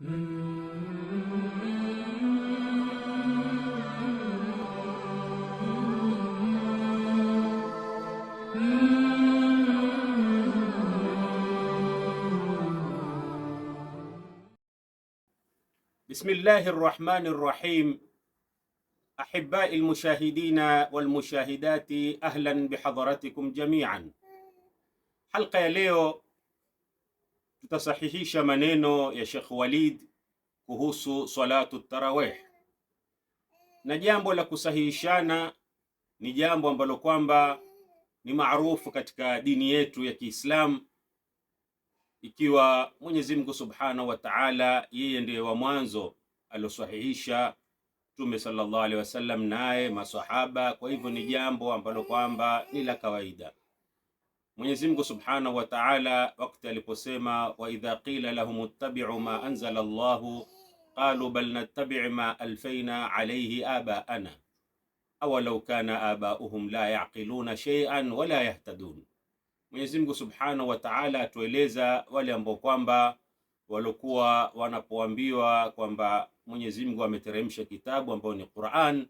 بسم الله الرحمن الرحيم أحباء المشاهدين والمشاهدات أهلا بحضراتكم جميعا حلقة يا ليو tutasahihisha maneno ya Sheikh Walid kuhusu salatu tarawih, na jambo la kusahihishana ni jambo ambalo kwamba ni maarufu katika dini yetu ya Kiislamu, ikiwa Mwenyezi Mungu Subhanahu wa Ta'ala yeye ndiye wa mwanzo aliosahihisha Mtume sallallahu alaihi wasallam, naye maswahaba. Kwa hivyo ni jambo ambalo kwamba ni la kawaida. Mwenyezi Mungu Subhanahu wa Ta'ala wakati aliposema wa idha qila lahum ittabi'u ma anzala Allahu qalu bal nattabi'u ma alfaina alayhi aba'ana aw law kana aba'uhum la yaqiluna shay'an wa la yahtadun. Mwenyezi Mungu Subhanahu wa Ta'ala atueleza wale ambao kwamba walikuwa wanapoambiwa kwamba Mwenyezi Mungu ameteremsha kitabu ambayo ni Qur'an,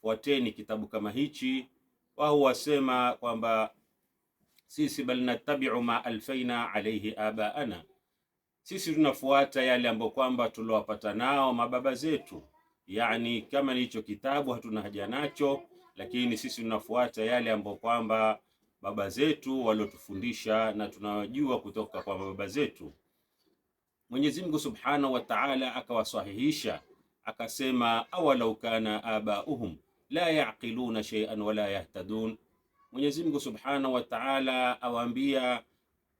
fuateni kitabu kama hichi, wao wasema kwamba sisi bal natabiu ma alfaina alaihi abaana, sisi tunafuata yale ambayo kwamba tuliwapata nao mababa zetu. Yani kama ni kitabu hatuna haja nacho, lakini sisi tunafuata yale ambayo kwamba baba zetu waliotufundisha na tunajua kutoka kwa baba zetu. Mwenyezi Mungu Subhanahu wa Ta'ala akawasahihisha akasema, awalau kana abauhum la yaqiluna shay'an wala yahtadun Mwenyezi Mungu Subhanahu wa Ta'ala awaambia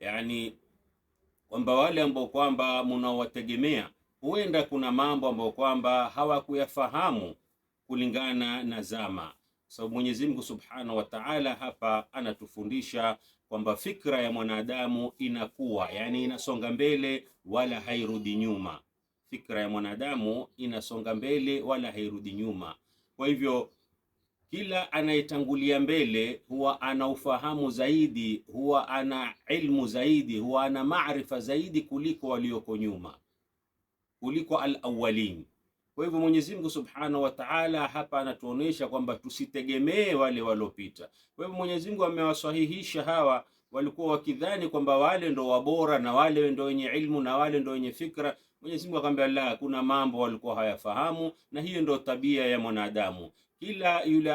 yani kwamba wale ambao kwamba mnaowategemea huenda kuna mambo ambayo kwamba hawakuyafahamu kulingana na zama. so, Mwenyezi Mungu Subhanahu wa Ta'ala hapa anatufundisha kwamba fikra ya mwanadamu inakuwa, yani inasonga mbele wala hairudi nyuma. Fikra ya mwanadamu inasonga mbele wala hairudi nyuma. Kwa hivyo kila anayetangulia mbele huwa ana ufahamu zaidi, huwa ana ilmu zaidi, huwa ana maarifa zaidi kuliko walioko nyuma, kuliko alawalin. Kwa hivyo Mwenyezi Mungu Subhanahu wa Ta'ala hapa anatuonesha kwamba tusitegemee wale waliopita. Kwa hivyo Mwenyezi Mungu amewasahihisha hawa, walikuwa wakidhani kwamba wale ndo wabora na wale ndo wenye ilmu na wale ndo wenye fikra. Mwenyezi Mungu akamwambia la, kuna mambo walikuwa hayafahamu, na hiyo ndo tabia ya mwanadamu kila yule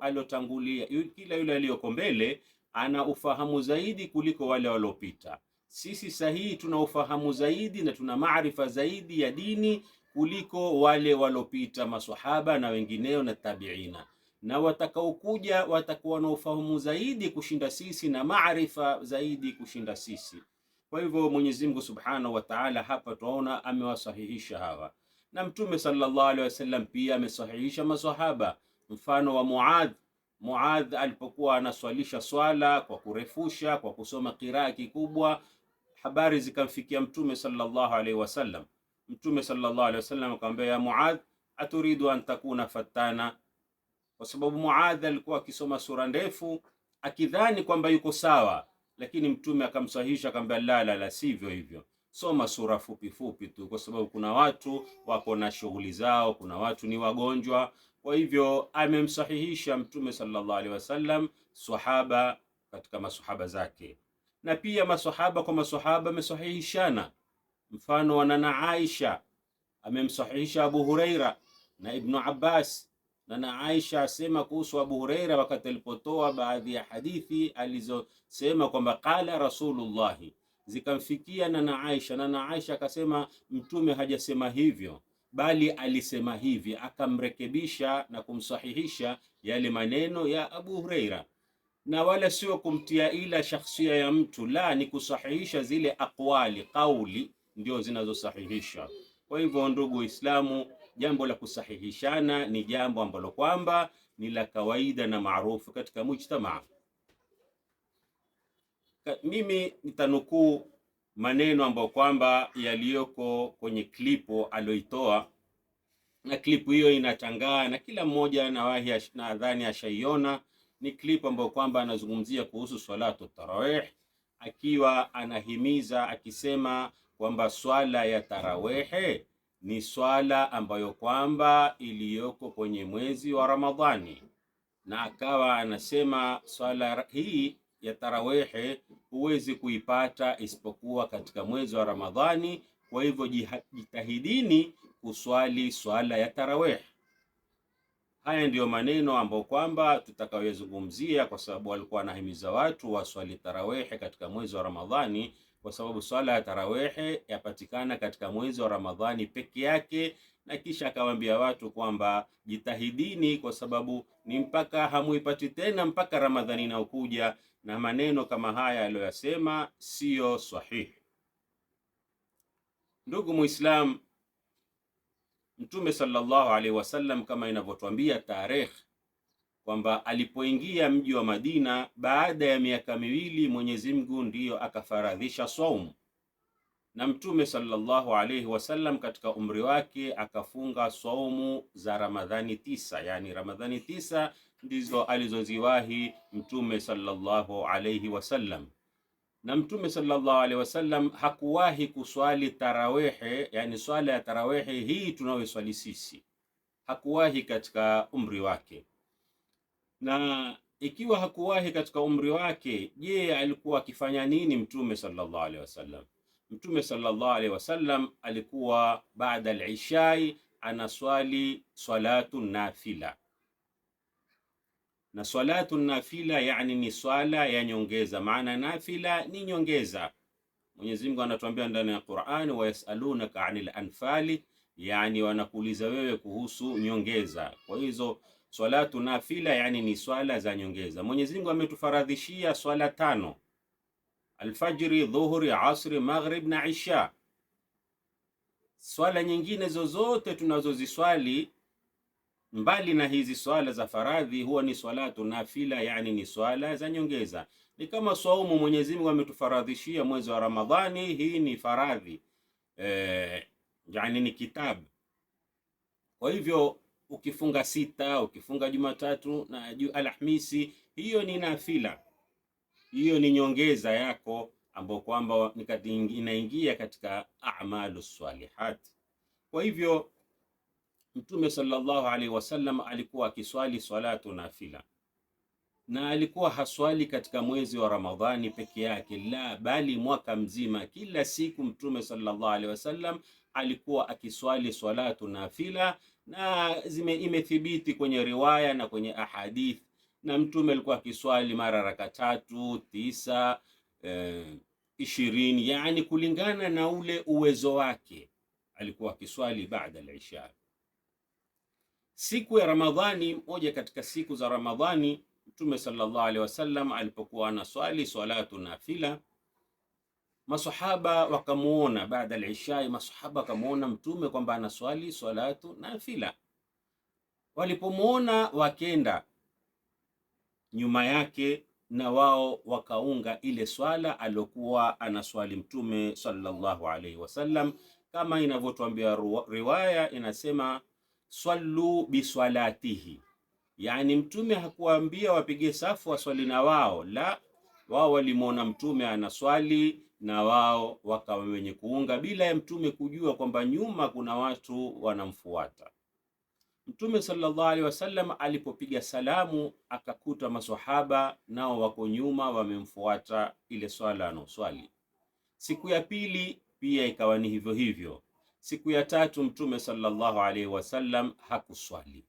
alotangulia, kila yule aliyoko mbele ana ufahamu zaidi kuliko wale waliopita. Sisi sahihi tuna ufahamu zaidi na tuna maarifa zaidi ya dini kuliko wale waliopita, maswahaba na wengineo na tabiina, na watakaokuja watakuwa na ufahamu zaidi kushinda sisi na maarifa zaidi kushinda sisi. Kwa hivyo Mwenyezi Mungu Subhanahu wa Ta'ala hapa tunaona amewasahihisha hawa na Mtume sallallahu alaihi wasallam pia amesahihisha maswahaba, mfano wa Muadh. Muadh alipokuwa anaswalisha swala kwa kurefusha, kwa kusoma qiraa kikubwa, habari zikamfikia Mtume sallallahu alaihi wasallam. Mtume sallallahu alaihi wasallam akamwambia, ya Muadh, aturidu an takuna fatana? Kwa sababu Muadh alikuwa akisoma sura ndefu akidhani kwamba yuko sawa, lakini Mtume akamsahihisha akamwambia, la la la, sivyo hivyo soma sura fupi fupi tu, kwa sababu kuna watu wako na shughuli zao, kuna watu ni wagonjwa. Kwa hivyo amemsahihisha Mtume sallallahu alaihi wasallam sahaba katika masahaba zake, na pia masahaba kwa masahaba amesahihishana. Mfano nana Aisha amemsahihisha Abu Huraira na Ibnu Abbas na na Aisha asema kuhusu Abu Huraira wakati alipotoa baadhi ya hadithi alizosema kwamba qala Rasulullahi zikamfikia nana Aisha. Nana Aisha akasema mtume hajasema hivyo, bali alisema hivi, akamrekebisha na kumsahihisha yale maneno ya Abu Huraira, na wala sio kumtia ila shakhsia ya mtu, la ni kusahihisha zile akwali kauli ndio zinazosahihisha. Kwa hivyo, ndugu Waislamu, jambo la kusahihishana ni jambo ambalo kwamba ni la kawaida na maarufu katika mujtamaa. Eh, mimi nitanukuu maneno ambayo kwamba yaliyoko kwenye klipo aliyoitoa, na klipu hiyo inachangaa na kila mmoja nawahi nadhani ashaiona. Ni klipu ambayo kwamba anazungumzia kuhusu swalatu tarawih, akiwa anahimiza akisema kwamba swala ya tarawehe ni swala ambayo kwamba iliyoko kwenye mwezi wa Ramadhani, na akawa anasema swala hii ya tarawehe huwezi kuipata isipokuwa katika mwezi wa Ramadhani. Kwa hivyo jitahidini kuswali swala ya tarawehe. Haya ndiyo maneno ambayo kwamba tutakayozungumzia, kwa sababu walikuwa wanahimiza watu waswali tarawehe katika mwezi wa Ramadhani, kwa sababu swala ya tarawehe yapatikana katika mwezi wa Ramadhani peke yake, na kisha akawaambia watu kwamba jitahidini, kwa sababu ni mpaka hamuipati tena mpaka Ramadhani inayokuja na maneno kama haya aliyoyasema siyo sahihi. Ndugu Muislam, Mtume sallallahu alaihi wasallam kama inavyotwambia tarehe kwamba alipoingia mji wa Madina baada ya miaka miwili, Mwenyezi Mungu ndiyo akafaradhisha saumu, na Mtume sallallahu alaihi wasallam katika umri wake akafunga saumu za Ramadhani tisa, yani Ramadhani tisa ndizo alizoziwahi Mtume sallallahu alayhi wasallam. Na Mtume sallallahu alayhi wasallam hakuwahi kuswali tarawehe, yani swala ya tarawehe hii tunayoswali sisi, hakuwahi katika umri wake. Na ikiwa hakuwahi katika umri wake, je, alikuwa akifanya nini Mtume sallallahu alayhi wasallam? Mtume sallallahu alayhi wasallam alikuwa baada al-ishai anaswali salatu nafila na salatu nafila yani ni swala ya nyongeza, maana nafila ni nyongeza. Mwenyezi Mungu anatuambia ndani ya Qur'ani, wayasalunaka anil anfali, yani wanakuuliza wewe kuhusu nyongeza. Kwa hizo salatu nafila yani ni swala za nyongeza. Mwenyezi Mungu ametufaradhishia swala tano: alfajri, dhuhuri, asri, maghrib na isha. Swala nyingine zozote tunazoziswali Mbali na hizi swala za faradhi huwa ni swalatu nafila, yani ni swala za nyongeza. Ni kama swaumu, Mwenyezi Mungu ametufaradhishia mwezi wa Ramadhani, hii ni faradhi eh, yani ni kitabu. Kwa hivyo ukifunga sita, ukifunga Jumatatu na Alhamisi, hiyo ni nafila, hiyo ni nyongeza yako ambayo kwamba inaingia katika amalu salihat. Kwa hivyo Mtume sallallahu alaihi wasallam alikuwa akiswali swalatu nafila, na alikuwa haswali katika mwezi wa Ramadhani peke yake, la bali mwaka mzima. Kila siku Mtume sallallahu alaihi wasallam alikuwa akiswali swalatu nafila, na zime imethibiti kwenye riwaya na kwenye ahadith, na Mtume alikuwa akiswali mara raka tatu, tisa, eh, ishirini, yani kulingana na ule uwezo wake alikuwa akiswali baada al-isha siku ya Ramadhani, moja katika siku za Ramadhani, Mtume sallallahu alaihi wasallam alipokuwa anaswali salatu nafila, masahaba wakamuona baada al-isha, masahaba wakamuona Mtume kwamba anaswali salatu nafila. Walipomuona wakenda nyuma yake na wao wakaunga ile swala aliokuwa anaswali Mtume sallallahu alaihi wasallam, kama inavyotuambia riwaya inasema sallu bisalatihi, yani mtume hakuwaambia wapige safu waswali na wao la, wao walimwona mtume anaswali na wao wakawa wenye kuunga bila ya mtume kujua kwamba nyuma kuna watu wanamfuata. Mtume sallallahu alaihi wasallam alipopiga salamu akakuta maswahaba nao wako nyuma wamemfuata ile swala anaoswali. Siku ya pili pia ikawa ni hivyo hivyo, Siku ya tatu Mtume sallallahu alaihi wasallam hakuswali.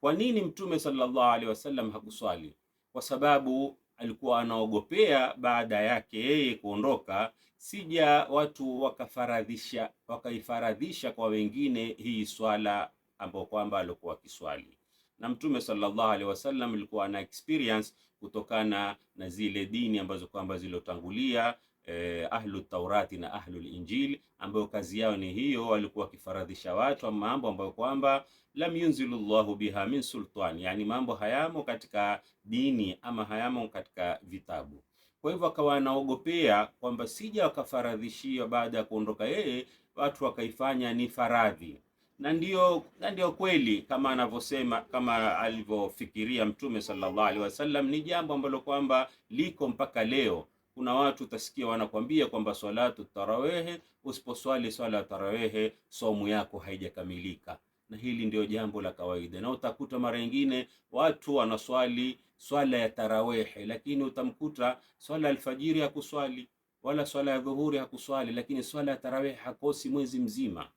Kwa nini Mtume sallallahu alaihi wasallam hakuswali? Kwa sababu alikuwa anaogopea baada yake yeye kuondoka, sija watu wakafaradhisha wakaifaradhisha kwa wengine hii swala ambayo kwamba alikuwa akiswali. Na Mtume sallallahu alaihi wasallam alikuwa ana experience kutokana na zile dini ambazo kwamba zilotangulia eh, ahlu Taurati na ahlu Linjili ambayo kazi yao ni hiyo, walikuwa wakifaradhisha watu mambo ambayo kwamba lam yunzilu llahu biha min sultan, yani mambo hayamo katika dini ama hayamo katika vitabu. Kwa hivyo akawa anaogopea kwamba sija wakafaradhishia baada ya kuondoka yeye, watu wakaifanya ni faradhi na ndiyo, na ndiyo kweli kama anavyosema kama alivyofikiria Mtume sallallahu alaihi wasallam, ni jambo ambalo kwamba liko mpaka leo. Kuna watu utasikia wanakwambia kwamba swalatu tarawehe, usiposwali swala ya tarawehe somu yako haijakamilika, na hili ndio jambo la kawaida. Na utakuta mara nyingine watu wanaswali swala ya tarawehe, lakini utamkuta swala alfajiri hakuswali wala swala ya dhuhuri hakuswali, lakini swala ya tarawehe hakosi mwezi mzima.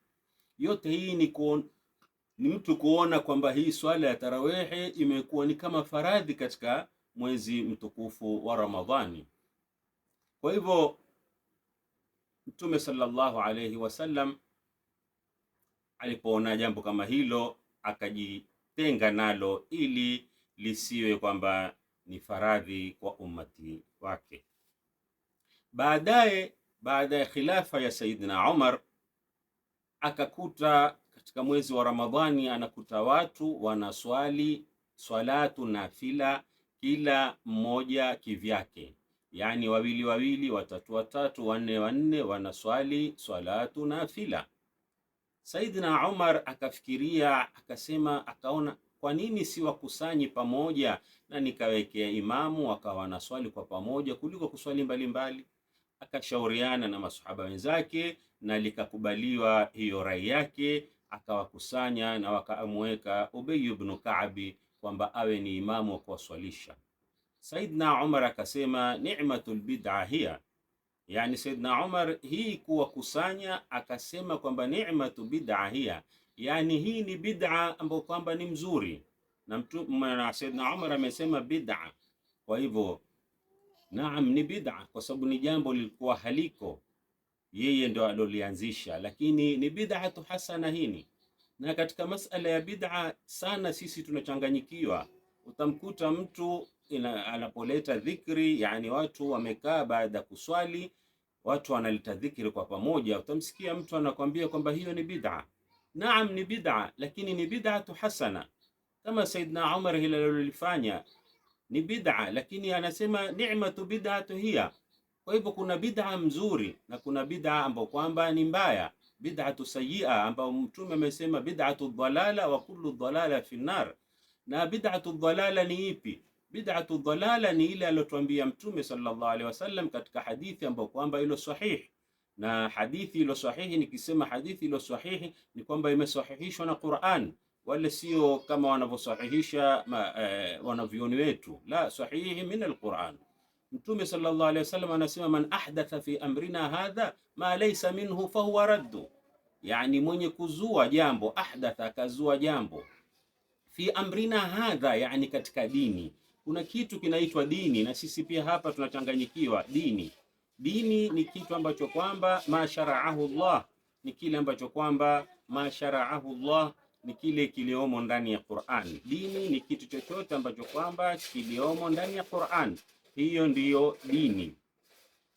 Yote hii ni kuon ni mtu kuona kwamba hii swala ya tarawehe imekuwa ni kama faradhi katika mwezi mtukufu wa Ramadhani. Kwa hivyo Mtume sallallahu alayhi wasallam alipoona jambo kama hilo akajitenga nalo ili lisiwe kwamba ni faradhi kwa ummati wake. Baadaye, baada ya khilafa ya Sayyidina Umar, akakuta katika mwezi wa Ramadhani anakuta watu wanaswali swalatu nafila, kila mmoja kivyake yaani wawili wawili, watatu watatu, wanne wanne, wanaswali salatu nafila. Saidina Umar akafikiria, akasema, akaona kwa nini si wakusanyi pamoja na nikawekea imamu wakawa wanaswali kwa pamoja kuliko kuswali mbalimbali mbali. Akashauriana na masuhaba wenzake na likakubaliwa hiyo rai yake, akawakusanya na wakamweka Ubay ibn Ka'bi kwamba awe ni imamu wa kuwaswalisha. Saidna Umar akasema ni'matul bid'a hiya, yani Saidna Umar hii kuwakusanya akasema kwamba ni'matu bid'a hiya, yani hii ni bid'a ambayo kwamba ni mzuri, na na Saidna Umar amesema bid'a. Kwa hivyo naam, ni bid'a kwa sababu ni jambo lilikuwa haliko, yeye ndo alolianzisha, lakini ni tu hasana hini. Na katika masala ya bid'a sana sisi tunachanganyikiwa, utamkuta mtu ina, anapoleta dhikri, yani watu wamekaa baada ya kuswali, watu wanaleta dhikri kwa pamoja, utamsikia mtu anakwambia kwamba hiyo ni bid'a. Naam, ni bid'a, lakini ni bid'a tu hasana, kama Saidna Umar hilo alilofanya ni bid'a, lakini anasema ni'ma tu bid'a tu hiya. Kwa hivyo kuna bid'a mzuri na kuna bid'a ambayo kwamba ni mbaya, bid'a tu sayyi'a, ambayo Mtume amesema bid'a tu dhalala wa kullu dhalala fi nar. Na bid'a tu dhalala ni ipi? Bid'atu dhalala ni ile aliyotuambia Mtume sallallahu alaihi wasallam katika hadithi ambayo kwamba ilo sahihi, na hadithi ilo sahihi, nikisema hadithi ilo sahihi ni kwamba imesahihishwa na Qur'an, wala sio kama wanavyosahihisha eh, wanavyoni wetu. La, sahihi min alquran. Mtume sallallahu alaihi wasallam anasema, man ahdatha fi amrina hadha ma laysa minhu fahuwa raddu, yani mwenye kuzua jambo, ahdatha akazua jambo, fi amrina hadha, yani katika dini kuna kitu kinaitwa dini, na sisi pia hapa tunachanganyikiwa dini. Dini ni kitu ambacho kwamba masharaahu Allah ni kile ambacho kwamba masharaahu Allah ni kile kiliomo ndani ya Qur'an. Dini ni kitu chochote ambacho kwamba kiliomo ndani ya Qur'an, hiyo ndiyo dini.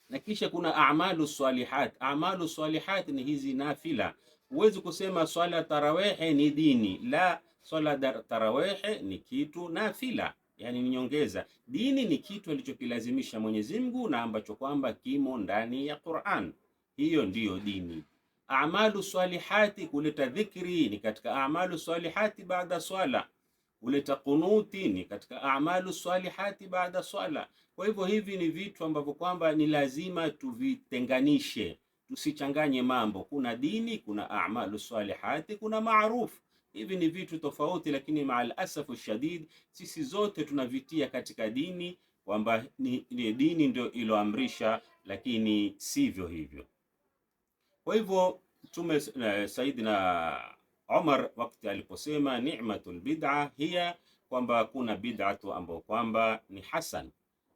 Na kisha kuna amalu salihat. Amalu salihat ni hizi nafila. Huwezi kusema swala tarawehe ni dini la, swala tarawehe ni kitu nafila yani ni nyongeza. Dini ni kitu alichokilazimisha Mwenyezi Mungu na ambacho kwamba kimo ndani ya Qur'an, hiyo ndiyo dini. Amalu salihati, kuleta dhikri ni katika amalu salihati baada swala, kuleta kunuti ni katika amalu salihati baada swala. Kwa hivyo hivi ni vitu ambavyo kwamba ni lazima tuvitenganishe, tusichanganye mambo. Kuna dini, kuna amalu salihati, kuna maarufu Hivi ni vitu tofauti, lakini maalasafu shadid, sisi zote tunavitia katika dini kwamba ni, ni dini ndio iloamrisha, lakini sivyo hivyo. Kwa hivyo tume eh, Saidina Omar wakati aliposema ni'matul bid'a hiya, kwamba kuna bid'atu ambayo kwamba ni hasan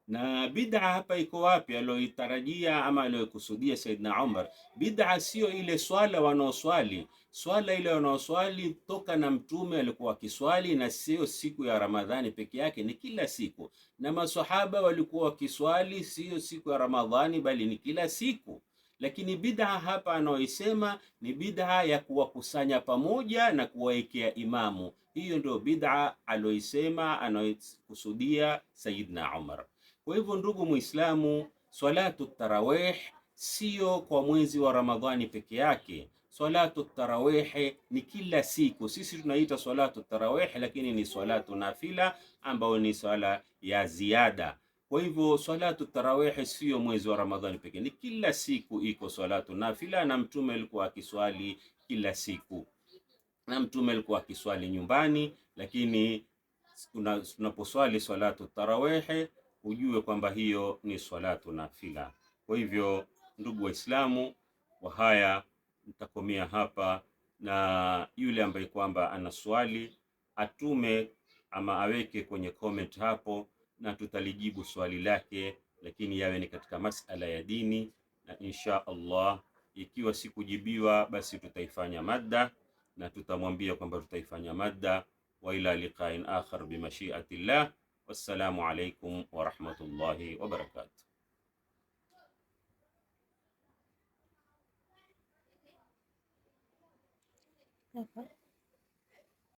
na bid'a hapa iko wapi? Aliyoitarajia ama aliyokusudia Saidina Omar, bid'a sio ile swala wanaoswali swala ile wanaoswali toka na mtume alikuwa wakiswali, na sio siku ya Ramadhani peke yake, ni kila siku. Na maswahaba walikuwa wakiswali sio siku ya Ramadhani, bali ni kila siku. Lakini bidha hapa anaoisema ni bidha ya kuwakusanya pamoja na kuwaekea imamu. Hiyo ndio bidha aloisema anaokusudia Sayyidina Umar. Kwa hivyo, ndugu Muislamu, swalatu tarawih sio kwa mwezi wa Ramadhani peke yake Salatu tarawihi ni kila siku, sisi tunaita salatu tarawihi, lakini ni salatu nafila ambayo ni swala ya ziada. Kwa hivyo salatu tarawihi siyo mwezi wa Ramadhani pekee, ni kila siku iko salatu nafila, na mtume alikuwa akiswali kila siku, na mtume alikuwa akiswali nyumbani. Lakini tunaposwali salatu tarawihi, ujue kwamba hiyo ni salatu nafila. Kwa hivyo ndugu Waislamu, wa haya nitakomea hapa, na yule ambaye kwamba ana swali atume ama aweke kwenye comment hapo, na tutalijibu swali lake, lakini yawe ni katika masala ya dini, na insha Allah ikiwa sikujibiwa basi tutaifanya madda na tutamwambia kwamba tutaifanya madda. Wa ila liqain akhar bimashiatillah. Wassalamu alaikum wa rahmatullahi wa barakatuh. Ajá.